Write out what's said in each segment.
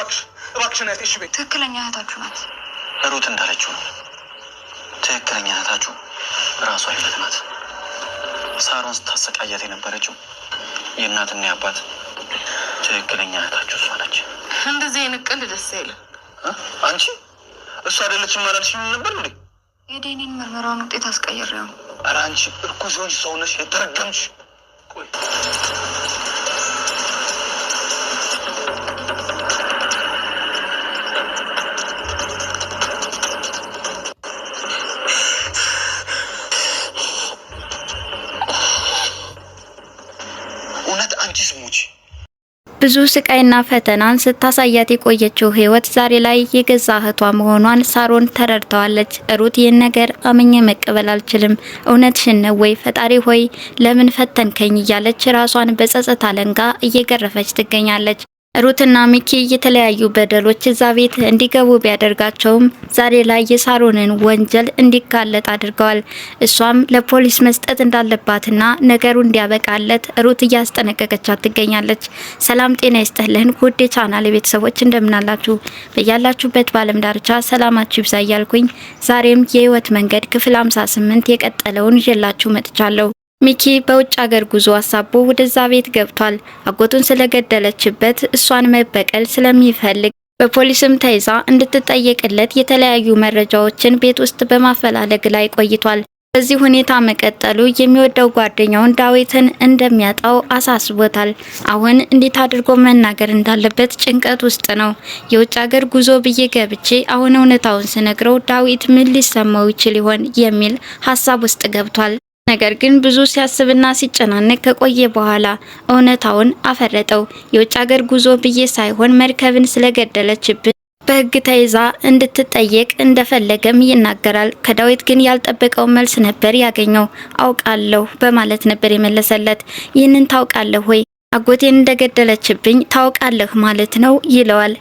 እባክሽ እባክሽን እህቴ እሺ ቤት ትክክለኛ እህታችሁ ናት። ሩት እንዳለችው ነው። ትክክለኛ እህታችሁ ራሷ ህይወት ናት። ሳሮን ስታሰቃያት የነበረችው የእናትና የአባት ትክክለኛ እህታችሁ እሷ ነች። እንደዚህ አይነት ቀልድ ደስ አይልም። አንቺ እሷ አይደለች ማለትሽ ነበር እንዴ? የዴኒን ምርመራውን ውጤት አስቀይሬው። ኧረ አንቺ እርኩስ ሰውነሽ የተረገምሽ ብዙ ስቃይና ፈተናን ስታሳያት የቆየችው ህይወት ዛሬ ላይ የገዛ እህቷ መሆኗን ሳሮን ተረድተዋለች። ሩት ይህን ነገር አምኜ መቀበል አልችልም፣ እውነትሽን ነው ወይ ፈጣሪ ሆይ ለምን ፈተንከኝ? እያለች ራሷን በጸጸት አለንጋ እየገረፈች ትገኛለች። ሩትና ሚኪ የተለያዩ በደሎች እዛ ቤት እንዲገቡ ቢያደርጋቸውም ዛሬ ላይ የሳሮንን ወንጀል እንዲጋለጥ አድርገዋል። እሷም ለፖሊስ መስጠት እንዳለባትና ነገሩ እንዲያበቃለት ሩት እያስጠነቀቀቻት ትገኛለች። ሰላም ጤና ይስጥልን ውድ የቻናል ቤተሰቦች እንደምናላችሁ በያላችሁበት በዓለም ዳርቻ ሰላማችሁ ይብዛ እያልኩኝ ዛሬም የህይወት መንገድ ክፍል 58 የቀጠለውን ይዤላችሁ መጥቻለሁ። ሚኪ በውጭ አገር ጉዞ አሳቦ ወደዛ ቤት ገብቷል። አጎቱን ስለገደለችበት እሷን መበቀል ስለሚፈልግ በፖሊስም ተይዛ እንድትጠየቅለት የተለያዩ መረጃዎችን ቤት ውስጥ በማፈላለግ ላይ ቆይቷል። በዚህ ሁኔታ መቀጠሉ የሚወደው ጓደኛውን ዳዊትን እንደሚያጣው አሳስቦታል። አሁን እንዴት አድርጎ መናገር እንዳለበት ጭንቀት ውስጥ ነው። የውጭ ሀገር ጉዞ ብዬ ገብቼ አሁን እውነታውን ስነግረው ዳዊት ምን ሊሰማው ይችል ይሆን የሚል ሀሳብ ውስጥ ገብቷል። ነገር ግን ብዙ ሲያስብና ሲጨናነቅ ከቆየ በኋላ እውነታውን አፈረጠው። የውጭ ሀገር ጉዞ ብዬ ሳይሆን መርከብን ስለገደለችብን በህግ ተይዛ እንድትጠየቅ እንደፈለገም ይናገራል። ከዳዊት ግን ያልጠበቀው መልስ ነበር ያገኘው። አውቃለሁ በማለት ነበር የመለሰለት። ይህንን ታውቃለህ ወይ? አጎቴን እንደገደለችብኝ ታውቃለህ ማለት ነው ይለዋል።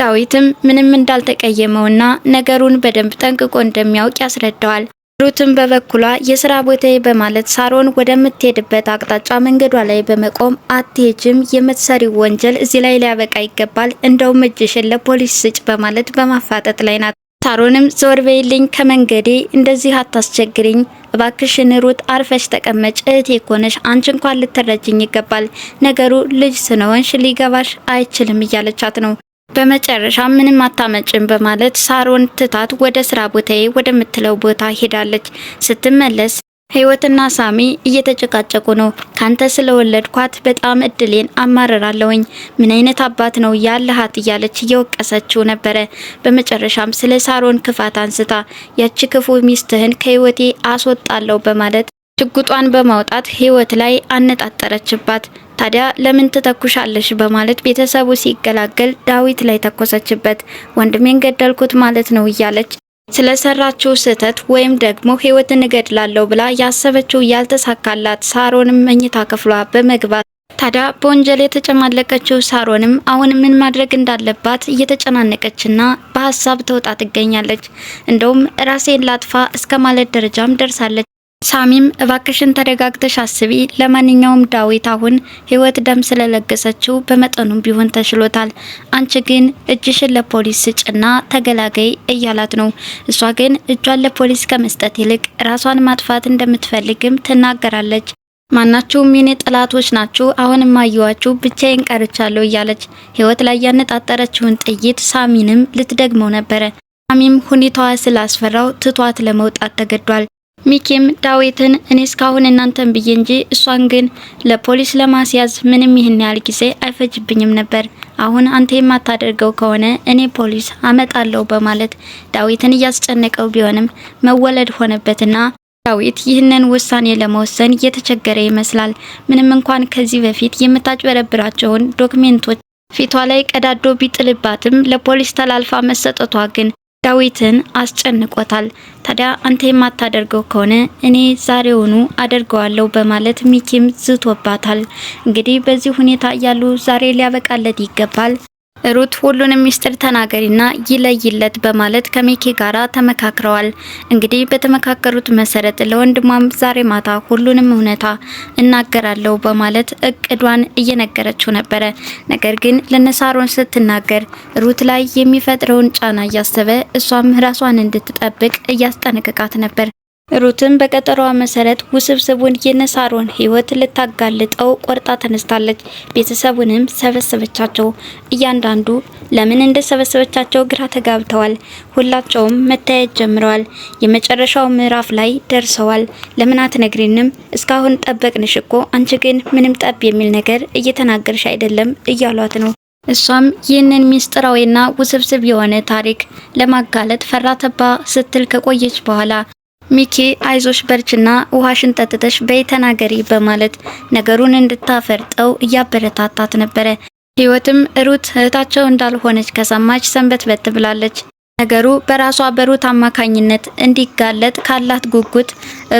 ዳዊትም ምንም እንዳልተቀየመውና ነገሩን በደንብ ጠንቅቆ እንደሚያውቅ ያስረዳዋል። ሩትም በበኩሏ የስራ ቦታዬ በማለት ሳሮን ወደምትሄድበት አቅጣጫ መንገዷ ላይ በመቆም አትሄጅም፣ የምትሰሪው ወንጀል እዚህ ላይ ሊያበቃ ይገባል፣ እንደውም እጅሽን ለፖሊስ ስጭ በማለት በማፋጠጥ ላይ ናት። ሳሮንም ዞር በይልኝ ከመንገዴ፣ እንደዚህ አታስቸግሪኝ፣ እባክሽን ሩት አርፈሽ ተቀመጭ፣ እህቴ እኮ አንቺ እንኳን ልትረጅኝ ይገባል፣ ነገሩ ልጅ ስነወንሽ ሊገባሽ አይችልም እያለቻት ነው። በመጨረሻ ምንም አታመጭም በማለት ሳሮን ትታት ወደ ስራ ቦታዬ ወደምትለው ቦታ ሄዳለች። ስትመለስ ህይወትና ሳሚ እየተጨቃጨቁ ነው። ካንተ ስለወለድኳት በጣም እድሌን አማረራለሁኝ። ምን አይነት አባት ነው ያለሃት እያለች እየወቀሰችው ነበረ። በመጨረሻም ስለ ሳሮን ክፋት አንስታ ያቺ ክፉ ሚስትህን ከህይወቴ አስወጣለሁ በማለት ሽጉጧን በማውጣት ህይወት ላይ አነጣጠረችባት። ታዲያ ለምን ትተኩሻለሽ በማለት ቤተሰቡ ሲገላገል ዳዊት ላይ ተኮሰችበት። ወንድሜን ገደልኩት ማለት ነው እያለች ስለሰራችው ስህተት ወይም ደግሞ ህይወትን እገድላለሁ ብላ ያሰበችው ያልተሳካላት ሳሮንም መኝታ ክፍሏ በመግባት ታዲያ በወንጀል የተጨማለቀችው ሳሮንም አሁን ምን ማድረግ እንዳለባት እየተጨናነቀችና በሀሳብ ተውጣ ትገኛለች። እንደውም ራሴን ላጥፋ እስከ ማለት ደረጃም ደርሳለች። ሳሚም እባክሽን ተደጋግተሽ አስቢ። ለማንኛውም ዳዊት አሁን ህይወት ደም ስለለገሰችው በመጠኑም ቢሆን ተሽሎታል። አንቺ ግን እጅሽን ለፖሊስ ስጭና ተገላገይ እያላት ነው። እሷ ግን እጇን ለፖሊስ ከመስጠት ይልቅ ራሷን ማጥፋት እንደምትፈልግም ትናገራለች። ማናችሁም የኔ ጠላቶች ናችሁ፣ አሁንም አየዋችሁ፣ ብቻዬን ቀርቻለሁ እያለች ህይወት ላይ ያነጣጠረችውን ጥይት ሳሚንም ልትደግመው ነበረ። ሳሚም ሁኔታዋ ስላስፈራው ትቷት ለመውጣት ተገዷል። ሚኪም ዳዊትን እኔ እስካሁን እናንተን ብዬ እንጂ እሷን ግን ለፖሊስ ለማስያዝ ምንም ይህን ያህል ጊዜ አይፈጅብኝም ነበር። አሁን አንተ የማታደርገው ከሆነ እኔ ፖሊስ አመጣለሁ በማለት ዳዊትን እያስጨነቀው ቢሆንም መወለድ ሆነበትና ዳዊት ይህንን ውሳኔ ለመወሰን እየተቸገረ ይመስላል። ምንም እንኳን ከዚህ በፊት የምታጭበረብራቸውን ዶክሜንቶች ፊቷ ላይ ቀዳዶ ቢጥልባትም ለፖሊስ ተላልፋ መሰጠቷ ግን ዳዊትን አስጨንቆታል። ታዲያ አንተ የማታደርገው ከሆነ እኔ ዛሬውኑ አደርገዋለሁ በማለት ሚኪም ዝቶባታል። እንግዲህ በዚህ ሁኔታ እያሉ ዛሬ ሊያበቃለት ይገባል። ሩት ሁሉንም ሚስጥር ተናገሪና ይለይለት በማለት ከሚኪ ጋራ ተመካክረዋል። እንግዲህ በተመካከሩት መሰረት ለወንድሟም ዛሬ ማታ ሁሉንም እውነታ እናገራለሁ በማለት እቅዷን እየነገረችው ነበረ። ነገር ግን ለነሳሮን ስትናገር ሩት ላይ የሚፈጥረውን ጫና እያሰበ እሷም ራሷን እንድትጠብቅ እያስጠነቅቃት ነበር። ሩትን በቀጠሮዋ መሰረት ውስብስቡን የነሳሮን ሕይወት ልታጋልጠው ቆርጣ ተነስታለች። ቤተሰቡንም ሰበሰበቻቸው። እያንዳንዱ ለምን እንደሰበሰበቻቸው ግራ ተጋብተዋል። ሁላቸውም መታየት ጀምረዋል። የመጨረሻው ምዕራፍ ላይ ደርሰዋል። ለምን አትነግሪንም? እስካሁን ጠበቅንሽ እኮ አንቺ ግን ምንም ጠብ የሚል ነገር እየተናገርሽ አይደለም እያሏት ነው። እሷም ይህንን ሚስጥራዊና ውስብስብ የሆነ ታሪክ ለማጋለጥ ፈራተባ ስትል ከቆየች በኋላ ሚኪ አይዞሽ በርችና ውሃሽን ጠጥተሽ በይተናገሪ በማለት ነገሩን እንድታፈርጠው እያበረታታት ነበረ። ህይወትም ሩት እህታቸው እንዳልሆነች ከሰማች ሰንበት በት ብላለች። ነገሩ በራሷ በሩት አማካኝነት እንዲጋለጥ ካላት ጉጉት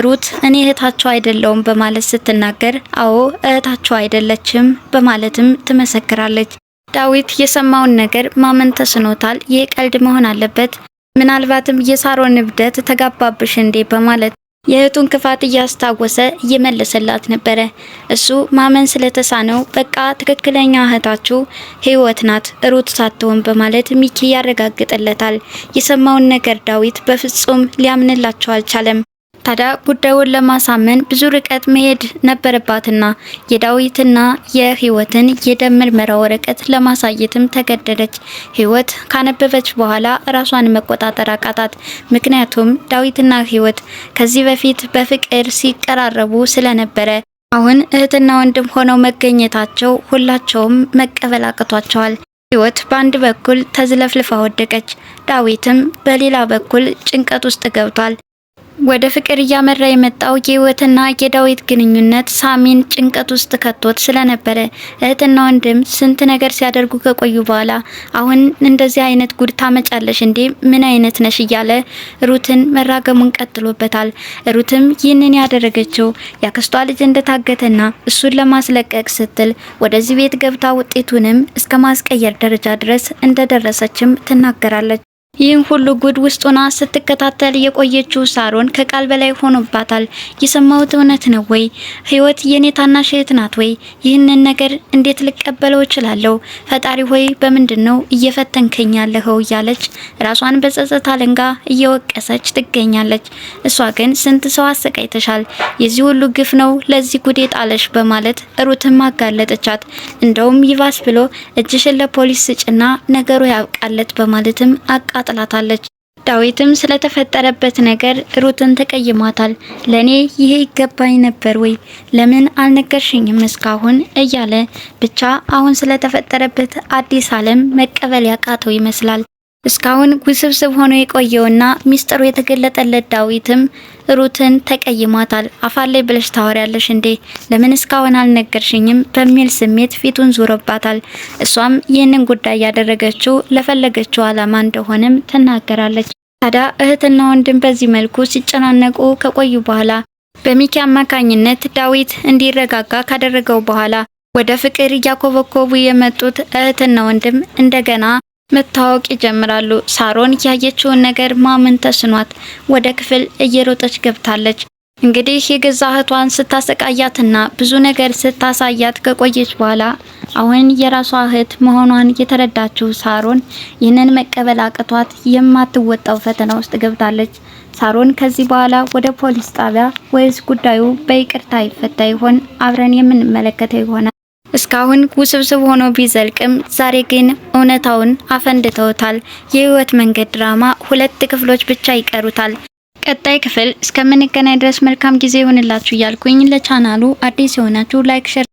ሩት እኔ እህታቸው አይደለውም በማለት ስትናገር፣ አዎ እህታቸው አይደለችም በማለትም ትመሰክራለች። ዳዊት የሰማውን ነገር ማመን ተስኖታል። ይህ ቀልድ መሆን አለበት ምናልባትም የሳሮን እብደት ተጋባብሽ እንዴ በማለት የእህቱን ክፋት እያስታወሰ እየመለሰላት ነበረ። እሱ ማመን ስለተሳነው በቃ ትክክለኛ እህታችሁ ህይወት ናት ሩት ሳትሆን በማለት ሚኪ ያረጋግጥለታል። የሰማውን ነገር ዳዊት በፍጹም ሊያምንላቸው አልቻለም። ታዲያ ጉዳዩን ለማሳመን ብዙ ርቀት መሄድ ነበረባትና የዳዊትና የህይወትን የደም ምርመራ ወረቀት ለማሳየትም ተገደደች። ህይወት ካነበበች በኋላ ራሷን መቆጣጠር አቃታት። ምክንያቱም ዳዊትና ህይወት ከዚህ በፊት በፍቅር ሲቀራረቡ ስለነበረ አሁን እህትና ወንድም ሆነው መገኘታቸው ሁላቸውም መቀበል አቅቷቸዋል። ህይወት በአንድ በኩል ተዝለፍልፋ ወደቀች፣ ዳዊትም በሌላ በኩል ጭንቀት ውስጥ ገብቷል። ወደ ፍቅር እያመራ የመጣው የህይወትና የዳዊት ግንኙነት ሳሚን ጭንቀት ውስጥ ከቶት ስለነበረ እህትና ወንድም ስንት ነገር ሲያደርጉ ከቆዩ በኋላ አሁን እንደዚህ አይነት ጉድ ታመጫለሽ እንዴ? ምን አይነት ነሽ? እያለ ሩትን መራገሙን ቀጥሎበታል። ሩትም ይህንን ያደረገችው ያክስቷ ልጅ እንደታገተና እሱን ለማስለቀቅ ስትል ወደዚህ ቤት ገብታ ውጤቱንም እስከ ማስቀየር ደረጃ ድረስ እንደደረሰችም ትናገራለች። ይህን ሁሉ ጉድ ውስጡና ስትከታተል የቆየችው ሳሮን ከቃል በላይ ሆኖባታል። የሰማሁት እውነት ነው ወይ? ህይወት የኔ ታናሽ እህት ናት ወይ? ይህንን ነገር እንዴት ልቀበለው እችላለሁ? ፈጣሪ ሆይ በምንድን ነው እየፈተንከኝ ያለኸው? እያለች ራሷን በጸጸት አለንጋ እየወቀሰች ትገኛለች። እሷ ግን ስንት ሰው አሰቃይተሻል፣ የዚህ ሁሉ ግፍ ነው ለዚህ ጉድ የጣለሽ በማለት ሩትም አጋለጠቻት እንደውም ይባስ ብሎ እጅሽን ለፖሊስ ስጭና ነገሩ ያብቃለት በማለትም አቃ ጥላታለች። ዳዊትም ስለተፈጠረበት ነገር ሩትን ተቀይሟታል። ለኔ ይሄ ይገባኝ ነበር ወይ ለምን አልነገርሽኝም እስካሁን እያለ ብቻ አሁን ስለተፈጠረበት አዲስ ዓለም መቀበል ያቃተው ይመስላል። እስካሁን ውስብስብ ሆኖ የቆየውና ሚስጥሩ የተገለጠለት ዳዊትም ሩትን ተቀይሟታል። አፋላይ ብለሽ ታወሪያለሽ እንዴ? ለምን እስካሁን አልነገርሽኝም? በሚል ስሜት ፊቱን ዞሮባታል። እሷም ይህንን ጉዳይ ያደረገችው ለፈለገችው ዓላማ እንደሆነም ትናገራለች። ታዲያ እህትና ወንድም በዚህ መልኩ ሲጨናነቁ ከቆዩ በኋላ በሚኪ አማካኝነት ዳዊት እንዲረጋጋ ካደረገው በኋላ ወደ ፍቅር እያኮበኮቡ የመጡት እህትና ወንድም እንደገና መታወቅ ይጀምራሉ። ሳሮን ያየችውን ነገር ማመን ተስኗት ወደ ክፍል እየሮጠች ገብታለች። እንግዲህ የገዛ እህቷን ስታሰቃያትና ብዙ ነገር ስታሳያት ከቆየች በኋላ አሁን የራሷ እህት መሆኗን የተረዳችው ሳሮን ይህንን መቀበል አቅቷት የማትወጣው ፈተና ውስጥ ገብታለች። ሳሮን ከዚህ በኋላ ወደ ፖሊስ ጣቢያ ወይስ ጉዳዩ በይቅርታ ይፈታ ይሆን? አብረን የምንመለከተው ይሆናል። እስካሁን ውስብስብ ሆኖ ቢዘልቅም ዛሬ ግን እውነታውን አፈንድተውታል። የህይወት መንገድ ድራማ ሁለት ክፍሎች ብቻ ይቀሩታል። ቀጣይ ክፍል እስከምንገናኝ ድረስ መልካም ጊዜ ይሁንላችሁ እያልኩኝ ለቻናሉ አዲስ የሆናችሁ ላይክ፣